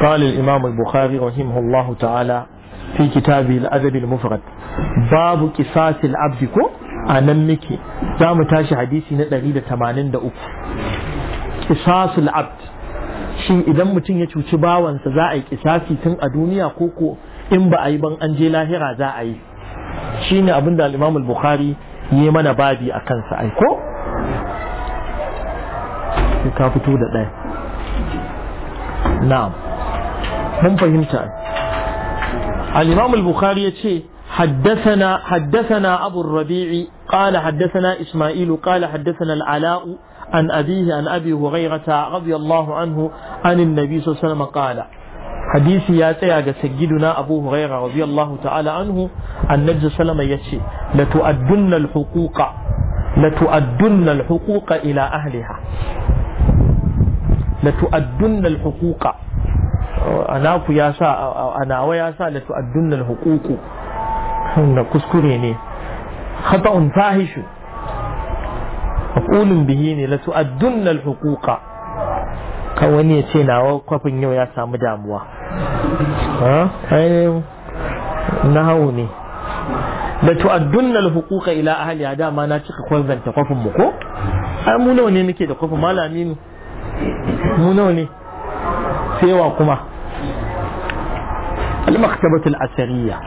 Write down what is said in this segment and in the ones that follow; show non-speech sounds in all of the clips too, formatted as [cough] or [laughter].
قال الإمام البخاري رحمه الله تعالى في كتابه الأدب المفرد باب قصاص العبد كو أنا مكي دام تاشي حديثي نتغيد تمانين دا أوك قصاص العبد shin idan mutum ya cuci bawansa za a yi kisasi tun a duniya ko ko in ba a yi ban an je lahira za a yi shine abinda abin da al'imam al-bukhari ya mana babi a kansa ai ko? ka fito da ɗaya na'am mun fahimta al-imam al-bukhari yace حدثنا حدثنا أبو الربيع قال حدثنا إسماعيل قال حدثنا العلاء عن أبيه عن أبي هريرة رضي الله عنه عن النبي صلى الله عليه وسلم قال حديث يا تيا سيدنا أبو هريرة رضي الله تعالى عنه عن النبي صلى الله عليه وسلم يشي لتؤدن الحقوق لتؤدن الحقوق إلى أهلها لتؤدن الحقوق anaku ya sa anawa ya sa da tu'addunna hukuku da kuskure ne khata'un fahishu maf'ulun bihi ne la tu'addunna hukuka ka kan wani ya ce nawa kwafin yau ya samu damuwa na hau ne Da tu'addunna hukuka ila ahali ahliha dama na cika kwanzanta kwafin mu ko ai mu nawa ne muke da kwafin malami mu nawa ne sai wa kuma المكتبة الأثرية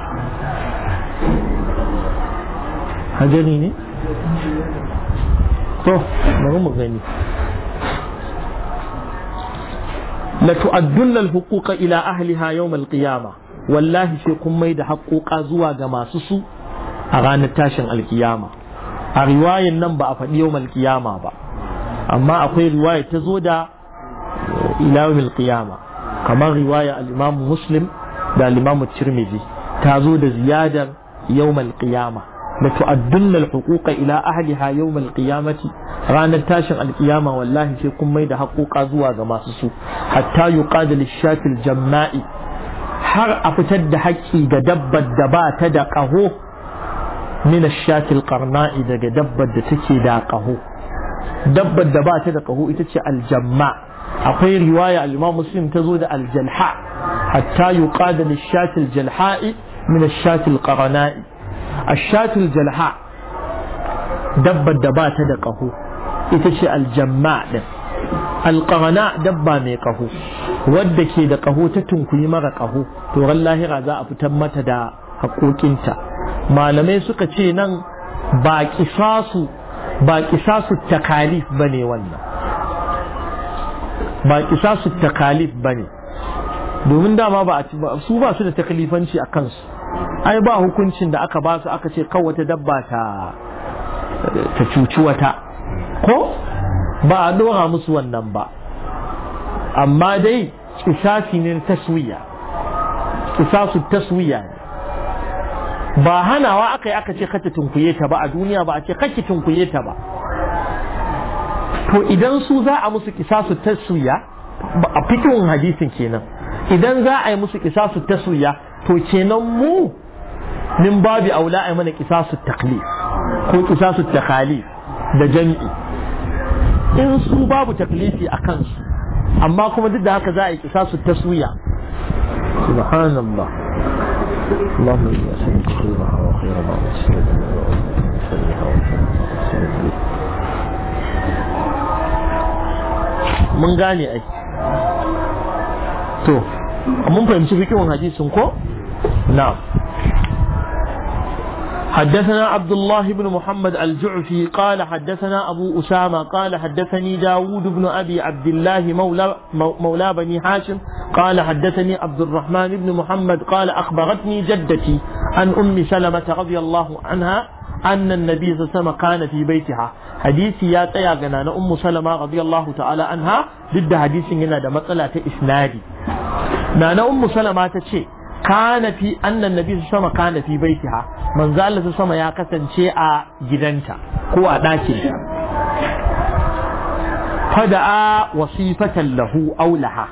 هجريني ما هو مغني لتؤدن الحقوق إلى أهلها يوم القيامة والله في قميد حقوق زوا جما سسو أغاني تاشن القيامة الرواية النمبة أفد يوم القيامة با. أما أقول رواية تزودا إلى يوم القيامة كما رواية الإمام مسلم da limamu tirmidhi ta zo da ziyadar yawmal qiyama da tu'addunna al-huquqa ila ahliha yawmal qiyamati ranar tashin alkiyama wallahi sai kun mai da haƙoƙa zuwa ga masu su hatta yuqadil shatil jamma'i har a fitar da haƙƙi ga dabbar da ba ta da ƙaho min shatil qarna'i daga dabbar da take da ƙaho dabbar da ba ta da ƙaho ita ce aljamma akwai riwaya al-Imam Muslim ta zo da aljalha hatta yuƙa da shati al-jalha'i min ash-shati al-qarana'i ash-shati jalha dabbar da ba ta da ƙaho ita ce aljamma din alƙarana dabba mai ƙaho wadda ke da ƙaho ta tunkuyi mara ƙaho to ran lahira za a fitar mata da haƙoƙinta malamai suka ce nan ba kisasu ba takalif bane wannan ba ƙisasu takalif bane domin dama ba a su ba su da takalifanci a kansu ai ba hukuncin da aka ba su aka ce kawo wata dabba ta ta cuci wata ko ba a dora musu wannan ba amma dai kisasi ne taswiya kisasu taswiya ne ba hanawa aka yi aka ce kake tunkuye ta ba a duniya ba a ce kake tunkuye ta ba to idan su za a musu kisasu taswiya a fitin hadisin kenan idan za a yi musu kisasu taswiya to kenan mu min babi aula a mana kisasu taklif ko kisasu takhalif da jam'i in su babu taklifi a kansu amma kuma duk da haka za a yi kisasu taswiya subhanallah اللهم اني اسالك to mun fahimci fikihun hadisin ko na'am حدثنا عبد الله بن محمد الجعفي قال حدثنا أبو أسامة قال حدثني داود بن أبي عبد الله مولى, مولى بني هاشم قال حدثني عبد الرحمن بن محمد قال أخبرتني جدتي عن أم سلمة رضي الله عنها annan nabi sa sama kana fi baitiha hadisi ya tsaya ga nana ummu salama radiyallahu ta'ala anha duk da hadisin yana da matsala ta isnadi nana ummu salama ta ce kana fi annan nabi sa sama kana fi baitiha manzo Allah sa sama ya kasance a gidanta ko a ɗakin fada'a wasifatan lahu aulaha.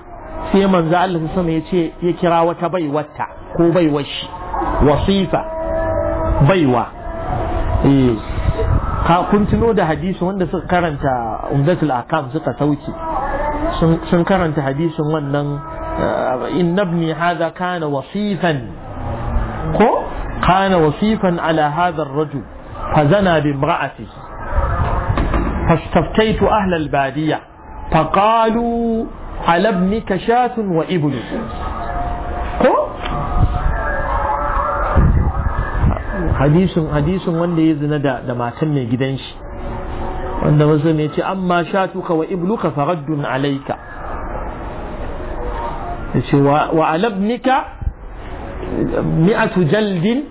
sai manzo Allah sa sama yace ya kira wata baiwarta ko baiwar shi wasifa baiwa kun tuno da hadisi wanda suka karanta umdatul akam suka sauke sun karanta hadisin wannan in nabni hadha kana wasifan ko kana wasifan ala hadha ar-rajul al بامرأته fa qalu ala ibnika shatun wa شاة ko hadisin hadisin wanda ya zina da da matan ne gidan shi wanda wasu ne ce amma shatuka wa ibluka faraddun alayka yace wa wa alabnika mi'atu jaldin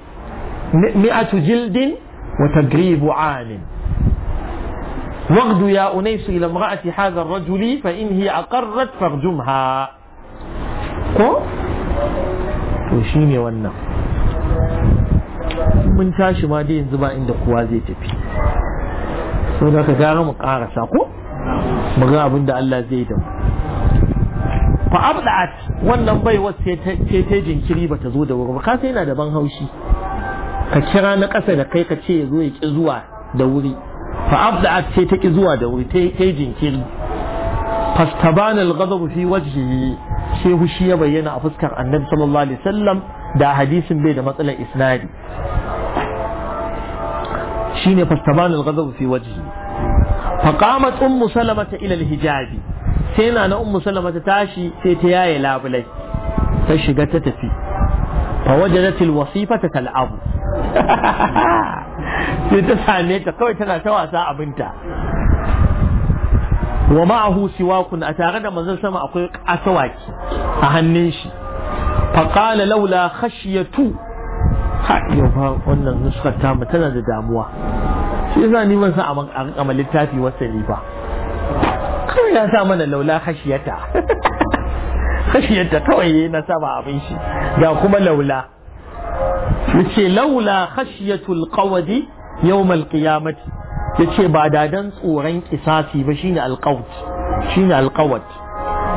mi'atu jildin wa tagribu alim واغدو يا أنيس إلى امرأة هذا الرجل فإن هي أقرت فارجمها ko to shi wannan in mun tashi ma da yanzu ba inda kowa zai tafi sau da ka gara mu karasa ko mu abin da Allah zai da fa abda'at wannan bai sai ta jinkiri ba ta zo da wuri ba ka sai yana da ban haushi ka kira na ƙasa da kai ka ce ya zo ya ƙi zuwa da wuri fa abda'at ce ta ƙi zuwa da wuri ta yi jinkiri fastabana al-ghadab fi wajhihi sai hushi ya bayyana a fuskar annabi sallallahu alaihi wasallam da hadisin bai da matsalar isnadi shine fastabana al-ghadab fi wajhi faqamat ummu salamata ila al-hijabi sai na na ummu salamata tashi sai ta yaye labulai ta shiga ta tafi fa wajadat al-wasifata kalabu. [laughs] sai ta same ta kawai tana ta wasa abinta wa ma'ahu siwakun a tare da manzon sama akwai asawaki a hannun shi faqala laula khashyatu yau fa wannan nuskar tamu tana da damuwa shi yasa ni ban san a rinka ma littafi wasali ba kawai ya sa mana laula hashiyata [laughs] hashiyata kawai yayi na saba abin shi ga kuma laula yace laula khashyatul qawdi Yau al Ya yace ba da dan tsoron kisafi ba shine al shine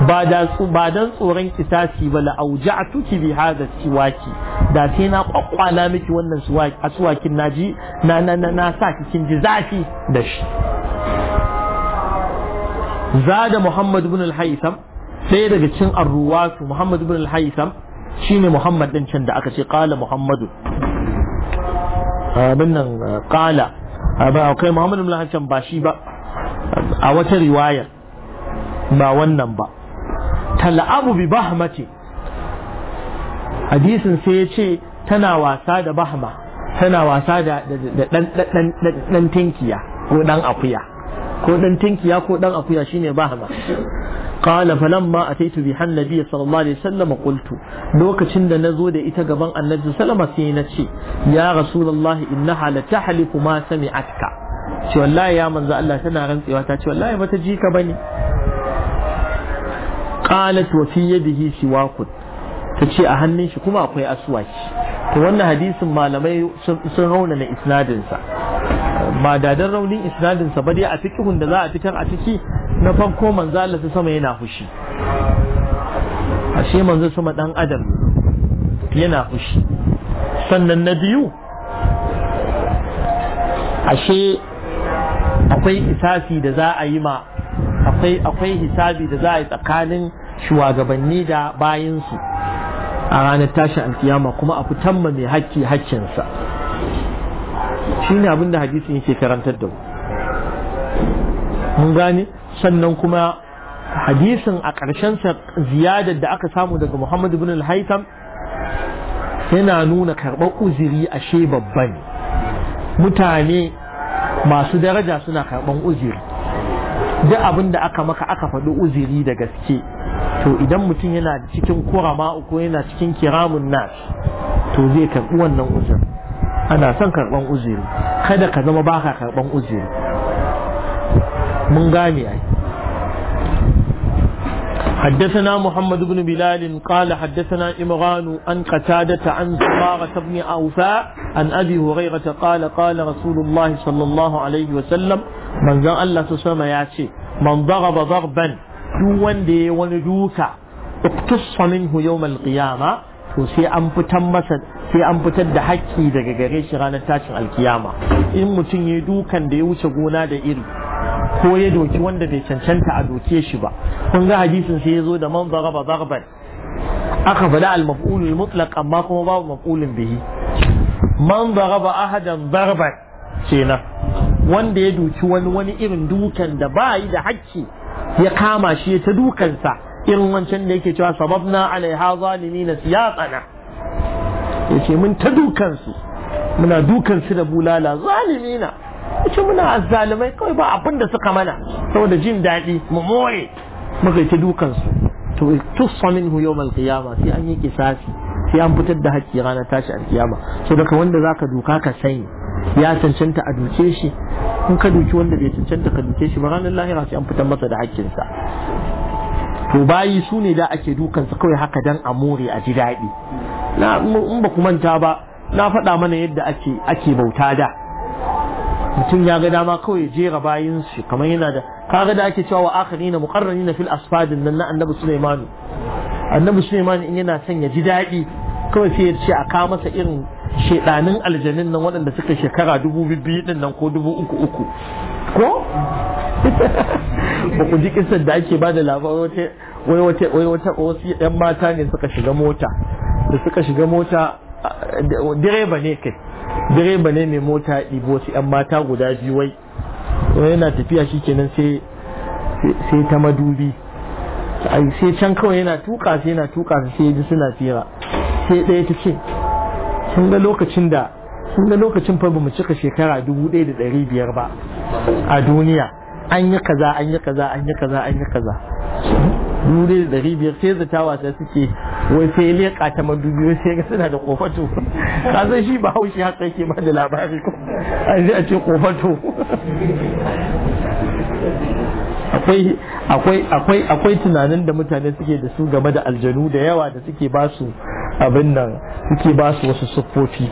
ba don dan tsoron kitasi ba ki bi hada siwaki da sai na kwakwala miki wannan suwaki a suwakin naji na na na na sa kin ji zafi da shi zada muhammad ibn al-haytham sai daga cin arruwatu muhammad ibn al-haytham shine muhammad din can da aka ce qala muhammadu abin nan qala ba kai muhammad ibn al-haytham ba shi ba a wata riwaya ba wannan ba tal'abu bi bahmati hadisin sai ya ce tana wasa da bahma tana wasa da dan tinkiya ko dan akuya ko dan tinkiya ko dan akuya shine bahma qala falamma ataitu bi hannabi sallallahu alaihi wasallam qultu lokacin da nazo da ita gaban annabi sallama sai na ce ya rasulullah innaha la tahlifu ma sami'atka ce wallahi ya manzo Allah tana rantsewa ta ce wallahi bata ji ka bane qalat wa fi yadihi siwakun ce a hannun shi kuma akwai aswaki to wannan hadisin malamai sun rauna na isnadin sa ba dadan raunin isnadin sa ba dai a fikihun da za a fitar a ciki na farko manzo Allah ta sama yana fushi ashe manzo sama dan adam yana fushi sannan na biyu ashe akwai isasi da za a yi ma akwai akwai hisabi da za a yi tsakanin shugabanni da bayansu a ranar tashi alkiyama kuma a fitan ma mai hakki hakkinsa shi ne abinda hadisin yake karantar da mun gane sannan kuma hadisin a ƙarshensa ziyadar da aka samu daga muhammad ibn al yana nuna karɓar uziri ashe babba ne mutane masu daraja suna karɓar uziri duk abin da aka maka aka faɗi uziri da gaske to idan mutum yana cikin kurama ko yana cikin kiramun nas to zai karɓi wannan uzur ana son karɓan uzuri kada ka zama baka karɓan uzuri mun gane ai حدثنا محمد بن بلال قال حدثنا إمغان عن قتادة عن سمارة بن أوفاء عن أبي هريرة قال قال رسول الله صلى الله عليه وسلم من ذا الله سسمى ياتي من ضرب ضربا duk wanda ya wani duka uktussa minhu yawmal qiyama to sai an fitar masa sai an fitar da hakki daga gare shi ranar tashin alkiyama in mutum ya dukan da ya wuce gona da iri ko ya doki wanda bai cancanta a doke shi ba kun ga hadisin sai ya zo da man zaraba zarban aka faɗa al-maf'ulul mutlaq amma kuma babu maf'ulin bihi man zaraba ahadan zarban kenan wanda ya duki wani wani irin dukan da ba yi da hakki ya kama shi ta dukansa irin wancan da yake cewa sababna alaiha zalimina siyasana ce mun ta dukansu muna dukansu da bulala zalimina yace muna azzalimai kawai ba abin da suka mana saboda jin daɗi mu more muka ta dukansu to tussa minhu yawmal qiyama sai an yi kisasi sai an fitar da hakki ranar tashi alkiyama so daga wanda zaka duka ka sani ya cancanta a duke shi in ka duki wanda bai cancanta ka duke shi ba ranar lahira sai an fitar masa da hakkinsa to bayi su ne da ake dukansa kawai haka dan a more a ji daɗi na in ba ku manta ba na faɗa mana yadda ake ake bauta da mutum ya ga dama kawai jera bayin shi kamar yana da kaga da ake cewa wa akharina na fil asfadin nan na annabi Sulaiman annabi Sulaiman in yana son ya ji daɗi kawai sai ya ce a ka masa irin shedanin aljanin nan waɗanda suka shekara dubu biyu din nan ko dubu uku uku ko [laughs] ba ku ji kisan da ake ba da labarai wai wata wai wata wasu yan mata ne suka shiga mota da suka shiga mota direba ne kai direba ne mai mota ibo su yan mata guda biyu wai yana tafiya shikenan sai sai ta madubi sai can kawai yana tuka sai yana tuka sai ji suna fira sai ɗaya ta ce Sun ga lokacin da sun ga lokacin fa bamu cika shekara 1500 ba a duniya an yi kaza an yi kaza an yi kaza an yi kaza 1500 sai zatawa sai suke wai sai leƙa ta dubi sai ga suna da kofato ka san shi ba haushi haka yake ba da labari ko an a ce kofato akwai akwai akwai akwai tunanin da mutane suke da su game da aljanu da yawa da suke ba su abin nan suke ba su wasu siffofi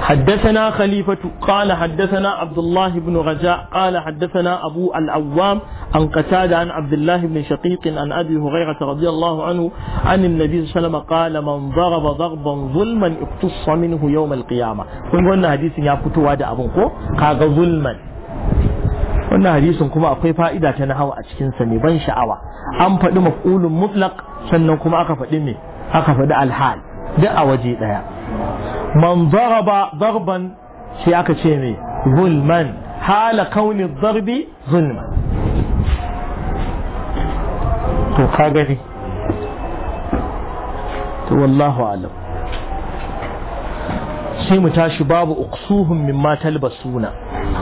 حدثنا خليفة قال حدثنا عبد الله بن رجاء قال حدثنا أبو العوام عن قتادة عن عبد الله بن شقيق عن أبي هريرة رضي الله عنه عن النبي صلى الله عليه وسلم قال من ضرب ضربا ظلما اقتص منه يوم القيامة كن قلنا حديث يا فتوى أبو قاغ ظلما wannan hadisin kuma akwai fa'ida ta nahawa a cikin sa ne ban sha'awa an faɗi maf'ulun mutlaq sannan kuma aka faɗi me aka faɗi alhal duk a waje ɗaya man daraba darban sai aka ce me zulman hala kauni darbi zulman to ka gani to wallahu alam sai mu tashi babu uqsuhum mimma talbasuna